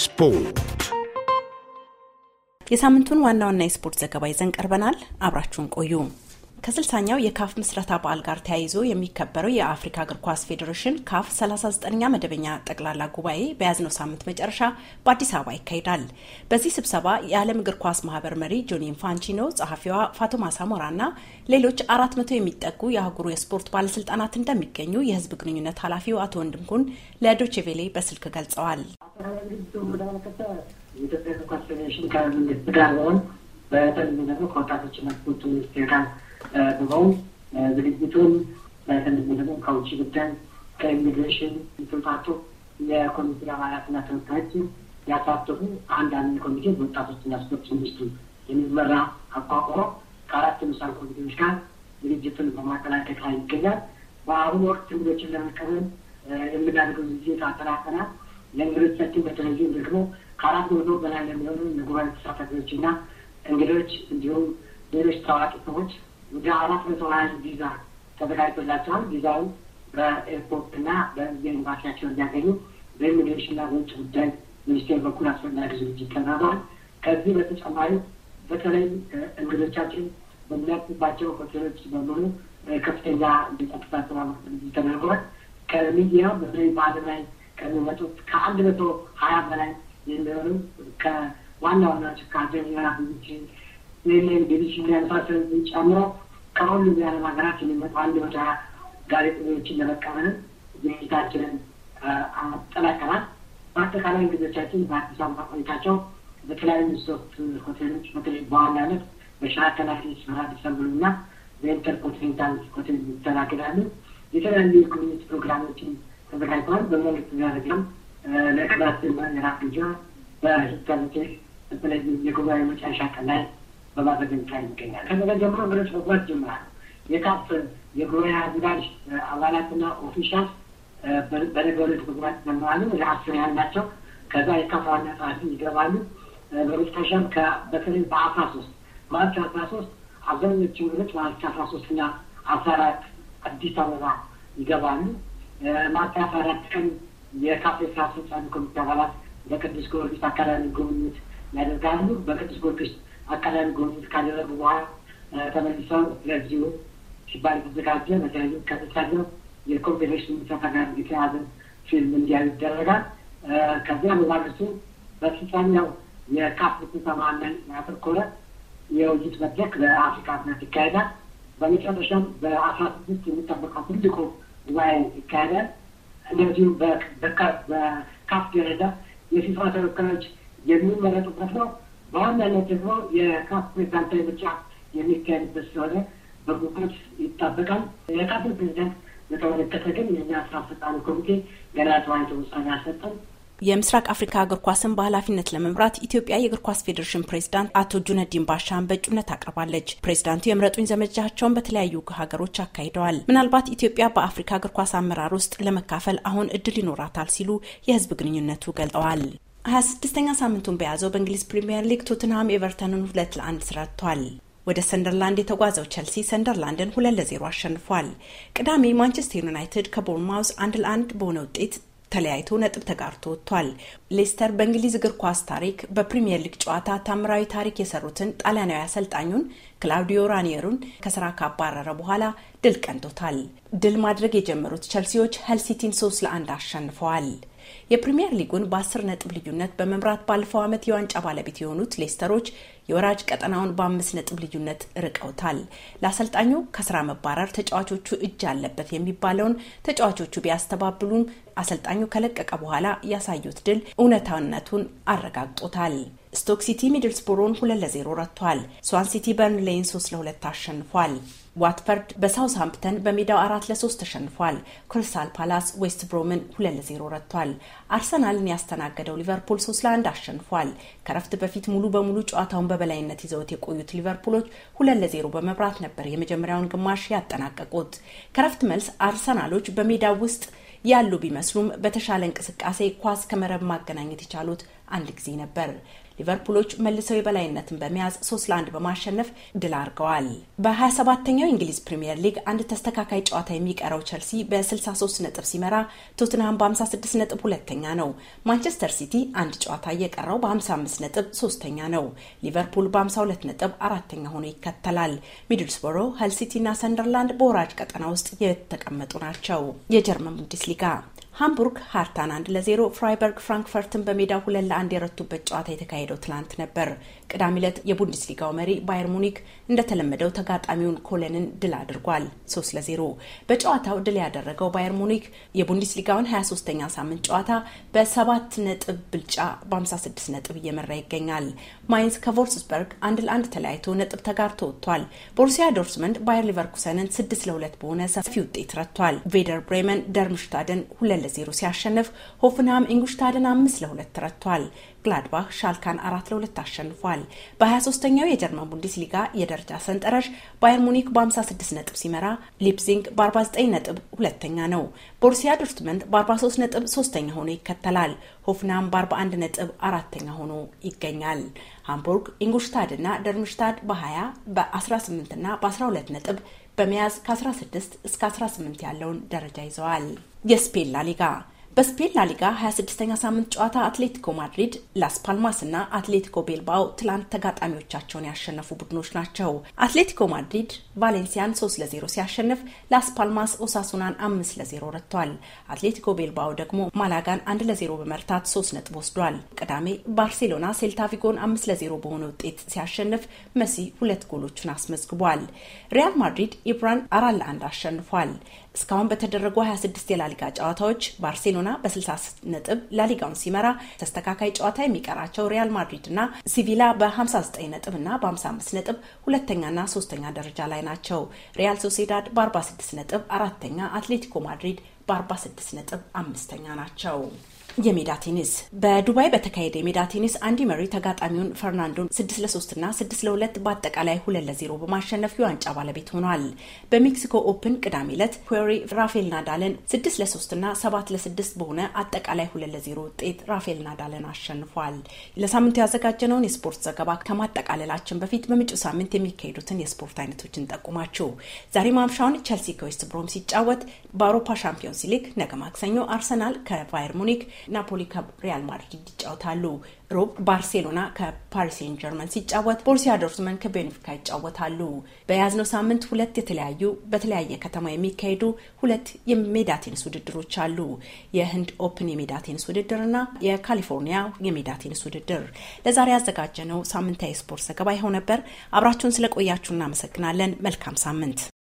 ስፖርት የሳምንቱን ዋና ዋና የስፖርት ዘገባ ይዘን ቀርበናል። አብራችሁን ቆዩ። ከ60ኛው የካፍ ምስረታ በዓል ጋር ተያይዞ የሚከበረው የአፍሪካ እግር ኳስ ፌዴሬሽን ካፍ 39ኛ መደበኛ ጠቅላላ ጉባኤ በያዝነው ሳምንት መጨረሻ በአዲስ አበባ ይካሄዳል። በዚህ ስብሰባ የዓለም እግር ኳስ ማህበር መሪ ጆኒ ኢንፋንቲኖ፣ ጸሐፊዋ ፋቶማ ሳሞራ እና ሌሎች 400 የሚጠጉ የአህጉሩ የስፖርት ባለስልጣናት እንደሚገኙ የህዝብ ግንኙነት ኃላፊው አቶ ወንድምኩን ለዶቼቬሌ በስልክ ገልጸዋል። ከግድ እንግዳ መከታ የኢትዮጵያ እግር ፌዴሬሽን ከመንግስት ጋር በሆን በተለይ ደግሞ ከወጣቶችና ስፖርት ሚኒስቴር ጋር በመሆን ዝግጅቱን በተለይ ደግሞ ከውጭ ጉዳይ ከኢሚግሬሽን የተውጣጡ የኮሚቴ አባላትና ተወካዮች ያሳተፉ አንድ ኮሚቴ በወጣቶችና ስፖርት ሚኒስትሩ የሚመራ አቋቁሞ ከአራት የምስራቅ ኮሚቴዎች ጋር ዝግጅቱን በማጠናቀቅ ላይ ይገኛል። በአሁኑ ወቅት እንግዶችን ለመቀበል የምናደርገው ዝግጅት አጠናቀናል። ለእንግዶቻችን በተለይ ደግሞ ከአራት መቶ በላይ ለሚሆኑ የጉባኤ ተሳታፊዎች እና እንግዶች እንዲሁም ሌሎች ታዋቂ ሰዎች ወደ አራት መቶ ሀያ ቪዛ ተዘጋጅቶላቸዋል። ቪዛውን በኤርፖርት እና በኤምባሲያቸው እንዲያገኙ በኢሚግሬሽን በኢሚግሬሽንና በውጭ ጉዳይ ሚኒስቴር በኩል አስፈላጊ ዝግጅት ተናግሯል። ከዚህ በተጨማሪ በተለይ እንግዶቻችን በሚያርፉባቸው ሆቴሎች በሙሉ ከፍተኛ የጸጥታ ስራ ተደርጓል። ከሚዲያ በተለይ በዓለም ላይ ከአንድ መቶ ሀያ በላይ የሚሆኑ ከዋና ዋናዎቹ ከአገር ምዕራብ ዩክሬን፣ ሌሎችን የመሳሰሉትን ጨምሮ ከሁሉም የዓለም ሀገራት የሚመጡ አንድ መቶ ሀያ ጋዜጠኞችን ለመቀበልን ዝግጅታችንን አጠናቀናል። በአጠቃላይ እንግዶቻችን በአዲስ አበባ ቆይታቸው በተለያዩ ሶስት ሆቴሎች በተለይ በዋናነት በሸራተን አትሌቲክስ አዲስ አበባ እና በኢንተርኮንቲኔንታል ሆቴል ይተናገዳሉ። የተለያዩ የኮሚኒቲ ፕሮግራሞችን ተዘጋጅተዋል። በመንግስት ደረጃም ለክላስ የራስ ልጃ በህዝብ ኮሚቴ በተለይ የጉባኤ መጨረሻ ቀን ላይ በማዘገኝ ላይ ይገኛል። ከነገ ጀምሮ እንግዶች መጓዝ ጀምራል። የካፍ የጉባኤ አዘጋጅ አባላትና ኦፊሻል በነገ ዕለት መግባት ጀምራሉ። ወደ አስር ያህል ናቸው። ከዛ የካፍ ዋና ጸሐፊ ይገባሉ። በመጨረሻም በተለይ በአስራ ሶስት ማርች አስራ ሶስት አብዛኞቹ እንግዶች ማርች አስራ ሶስት እና አስራ አራት አዲስ አበባ ይገባሉ። ማርታ አራት ቀን የካፌ ስራ አስፈጻሚ ኮሚቴ አባላት በቅዱስ ጊዮርጊስ አካዳሚ ጉብኝት ያደርጋሉ። በቅዱስ ጊዮርጊስ አካዳሚ ጉብኝት ካደረጉ በኋላ ተመልሰው ለዚሁ ሲባል የተዘጋጀ በተለይ ከተሳለው የኮንፌዴሬሽን ምስረታ የተያዘ ፊልም እንዲያዩ ይደረጋል። ከዚያ በማግስቱ በስልጣኛው የካፍ ስብሰባ ላይ ያተኮረ የውይይት መድረክ በአፍሪካ ምክንያት ይካሄዳል። በመጨረሻም በአስራ ስድስት የሚጠበቀው ትልቁ ጉባኤ ይካሄዳል። እንደዚሁም በካፍ ደረጃ የፊፋ ተወካዮች የሚመረጡበት ነው። በዋናነት ደግሞ የካፍ ፕሬዚዳንታዊ ምርጫ የሚካሄድበት ስለሆነ በጉጉት ይጠበቃል። የካፍ ፕሬዚዳንት በተመለከተ ግን የኛ ስራ አስፈጻሚ ኮሚቴ ገና ተዋይቶ ውሳኔ አልሰጠም። የምስራቅ አፍሪካ እግር ኳስን በኃላፊነት ለመምራት ኢትዮጵያ የእግር ኳስ ፌዴሬሽን ፕሬዚዳንት አቶ ጁነዲን ባሻን በእጩነት አቅርባለች። ፕሬዚዳንቱ የምረጡኝ ዘመቻቸውን በተለያዩ ሀገሮች አካሂደዋል። ምናልባት ኢትዮጵያ በአፍሪካ እግር ኳስ አመራር ውስጥ ለመካፈል አሁን እድል ይኖራታል ሲሉ የህዝብ ግንኙነቱ ገልጠዋል። ሀያ ስድስተኛ ሳምንቱን በያዘው በእንግሊዝ ፕሪምየር ሊግ ቶትንሃም ኤቨርተንን ሁለት ለአንድ ረትቷል። ወደ ሰንደርላንድ የተጓዘው ቸልሲ ሰንደርላንድን ሁለት ለዜሮ አሸንፏል። ቅዳሜ ማንቸስተር ዩናይትድ ከቦርማውስ አንድ ለአንድ በሆነ ውጤት ተለያይቶ ነጥብ ተጋርቶ ወጥቷል። ሌስተር በእንግሊዝ እግር ኳስ ታሪክ በፕሪምየር ሊግ ጨዋታ ታምራዊ ታሪክ የሰሩትን ጣሊያናዊ አሰልጣኙን ክላውዲዮ ራኒየሩን ከስራ ካባረረ በኋላ ድል ቀንቶታል። ድል ማድረግ የጀመሩት ቸልሲዎች ሀልሲቲን ሶስት ለአንድ አሸንፈዋል። የፕሪምየር ሊጉን በአስር ነጥብ ልዩነት በመምራት ባለፈው ዓመት የዋንጫ ባለቤት የሆኑት ሌስተሮች የወራጅ ቀጠናውን በአምስት ነጥብ ልዩነት ርቀውታል። ለአሰልጣኙ ከስራ መባረር ተጫዋቾቹ እጅ አለበት የሚባለውን ተጫዋቾቹ ቢያስተባብሉም አሰልጣኙ ከለቀቀ በኋላ ያሳዩት ድል እውነታነቱን አረጋግጦታል። ስቶክ ሲቲ ሚድልስቦሮን ሁለት ለዜሮ ረቷል። ስዋን ሲቲ በርንሌይን ሶስት ለሁለት አሸንፏል። ዋትፈርድ በሳውዝሃምፕተን በሜዳው አራት ለሶስት ተሸንፏል። ክሪስታል ፓላስ ዌስት ብሮምን ሁለት ለዜሮ ረቷል። አርሰናልን ያስተናገደው ሊቨርፑል ሶስት ለአንድ አሸንፏል። ከረፍት በፊት ሙሉ በሙሉ ጨዋታውን በበላይነት ይዘውት የቆዩት ሊቨርፑሎች ሁለት ለዜሮ በመብራት ነበር የመጀመሪያውን ግማሽ ያጠናቀቁት። ከረፍት መልስ አርሰናሎች በሜዳው ውስጥ ያሉ ቢመስሉም በተሻለ እንቅስቃሴ ኳስ ከመረብ ማገናኘት የቻሉት አንድ ጊዜ ነበር። ሊቨርፑሎች መልሰው የበላይነትን በመያዝ ሶስት ለአንድ በማሸነፍ ድል አድርገዋል። በ27ተኛው የእንግሊዝ ፕሪምየር ሊግ አንድ ተስተካካይ ጨዋታ የሚቀረው ቸልሲ በ63 ነጥብ ሲመራ፣ ቶትንሃም በ56 ነጥብ ሁለተኛ ነው። ማንቸስተር ሲቲ አንድ ጨዋታ እየቀረው በ55 ነጥብ ሶስተኛ ነው። ሊቨርፑል በ52 ነጥብ አራተኛ ሆኖ ይከተላል። ሚድልስቦሮ፣ ሀል ሲቲ እና ሰንደርላንድ በወራጅ ቀጠና ውስጥ የተቀመጡ ናቸው። የጀርመን ቡንደስሊጋ ሃምቡርግ ሃርታን አንድ ለዜሮ ፍራይበርግ ፍራንክፈርትን በሜዳ ሁለት ለአንድ የረቱበት ጨዋታ የተካሄደው ትናንት ነበር። ቅዳሜ ዕለት የቡንደስሊጋው መሪ ባየር ሙኒክ እንደተለመደው ተጋጣሚውን ኮለንን ድል አድርጓል፣ ሶስት ለዜሮ። በጨዋታው ድል ያደረገው ባየር ሙኒክ የቡንደስሊጋውን 23ኛ ሳምንት ጨዋታ በሰባት ነጥብ ብልጫ በ56 ነጥብ እየመራ ይገኛል። ማይንስ ከቮልስበርግ አንድ ለአንድ ተለያይቶ ነጥብ ተጋርቶ ወጥቷል። ቦሩሲያ ዶርትመንድ ባየር ሊቨርኩሰንን ስድስት ለሁለት በሆነ ሰፊ ውጤት ረቷል። ቬደር ብሬመን ደርምሽታደን ሁለት ለዜሮ ሲያሸንፍ ሆፍንሃም ኢንጉሽታድን አምስት ለሁለት ረቷል። ግላድባህ ሻልካን አራት ለሁለት አሸንፏል። በ23ኛው የጀርመን ሊጋ የደረጃ ሰንጠረዥ ባየር ሙኒክ በ56 ነጥብ ሲመራ ሊፕዚንግ በ49 ነጥብ ሁለተኛ ነው። ቦሩሲያ ዶርትመንድ በ43 ነጥብ ሶስተኛ ሆኖ ይከተላል። ሆፍናም በ41 ነጥብ አራተኛ ሆኖ ይገኛል። ሃምቡርግ፣ ኢንጉሽታድ እና ደርምሽታድ በ20 በ18 እና በ12 ነጥብ በመያዝ ከ16 እስከ 18 ያለውን ደረጃ ይዘዋል። የስፔን ላሊጋ በስፔን ላሊጋ 26ኛ ሳምንት ጨዋታ አትሌቲኮ ማድሪድ፣ ላስ ፓልማስ እና አትሌቲኮ ቤልባው ትላንት ተጋጣሚዎቻቸውን ያሸነፉ ቡድኖች ናቸው። አትሌቲኮ ማድሪድ ቫሌንሲያን 3 ለ0 ሲያሸንፍ፣ ላስ ፓልማስ ኦሳሱናን 5 ለ0 ረጥቷል። አትሌቲኮ ቤልባው ደግሞ ማላጋን 1 ለ0 በመርታት 3 ነጥብ ወስዷል። ቅዳሜ ባርሴሎና ሴልታቪጎን 5 ለ0 በሆነ ውጤት ሲያሸንፍ፣ መሲ ሁለት ጎሎቹን አስመዝግቧል። ሪያል ማድሪድ ኢብራን ለ1 አሸንፏል። እስካሁን በተደረጉ 26 የላሊጋ ጨዋታዎች ባርሴሎና ባርሴሎና በ60 ነጥብ ላሊጋውን ሲመራ ተስተካካይ ጨዋታ የሚቀራቸው ሪያል ማድሪድ እና ሲቪላ በ59 ነጥብ እና በ55 ነጥብ ሁለተኛና ሶስተኛ ደረጃ ላይ ናቸው። ሪያል ሶሴዳድ በ46 ነጥብ አራተኛ፣ አትሌቲኮ ማድሪድ በ46 ነጥብ አምስተኛ ናቸው። የሜዳ ቴኒስ በዱባይ በተካሄደ የሜዳ ቴኒስ አንዲ መሪ ተጋጣሚውን ፈርናንዶን ስድስት ለሶስት ና ስድስት ለሁለት በአጠቃላይ ሁለት ለዜሮ በማሸነፍ የዋንጫ ባለቤት ሆኗል። በሜክሲኮ ኦፕን ቅዳሜ ዕለት ፔሪ ራፌል ናዳልን ስድስት ለሶስት ና ሰባት ለስድስት በሆነ አጠቃላይ ሁለት ለዜሮ ውጤት ራፌል ናዳልን አሸንፏል። ለሳምንቱ ያዘጋጀነውን የስፖርት ዘገባ ከማጠቃለላችን በፊት በምጩ ሳምንት የሚካሄዱትን የስፖርት አይነቶች እንጠቁማችሁ። ዛሬ ማምሻውን ቸልሲ ከዌስት ብሮም ሲጫወት በአውሮፓ ሻምፒዮንስ ሊግ ነገ ማክሰኞ አርሰናል ከቫየር ሙኒክ ናፖሊ ከሪያል ማድሪድ ይጫወታሉ። ሮብ ባርሴሎና ከፓሪስ ሴን ጀርመን ሲጫወት ቦርሲያ ዶርትመን ከቤንፊካ ይጫወታሉ። በያዝነው ሳምንት ሁለት የተለያዩ በተለያየ ከተማ የሚካሄዱ ሁለት የሜዳ ቴኒስ ውድድሮች አሉ። የህንድ ኦፕን የሜዳ ቴኒስ ውድድር እና የካሊፎርኒያ የሜዳ ቴኒስ ውድድር። ለዛሬ ያዘጋጀነው ሳምንታዊ ስፖርት ዘገባ ይኸው ነበር። አብራችሁን ስለቆያችሁ እናመሰግናለን። መልካም ሳምንት።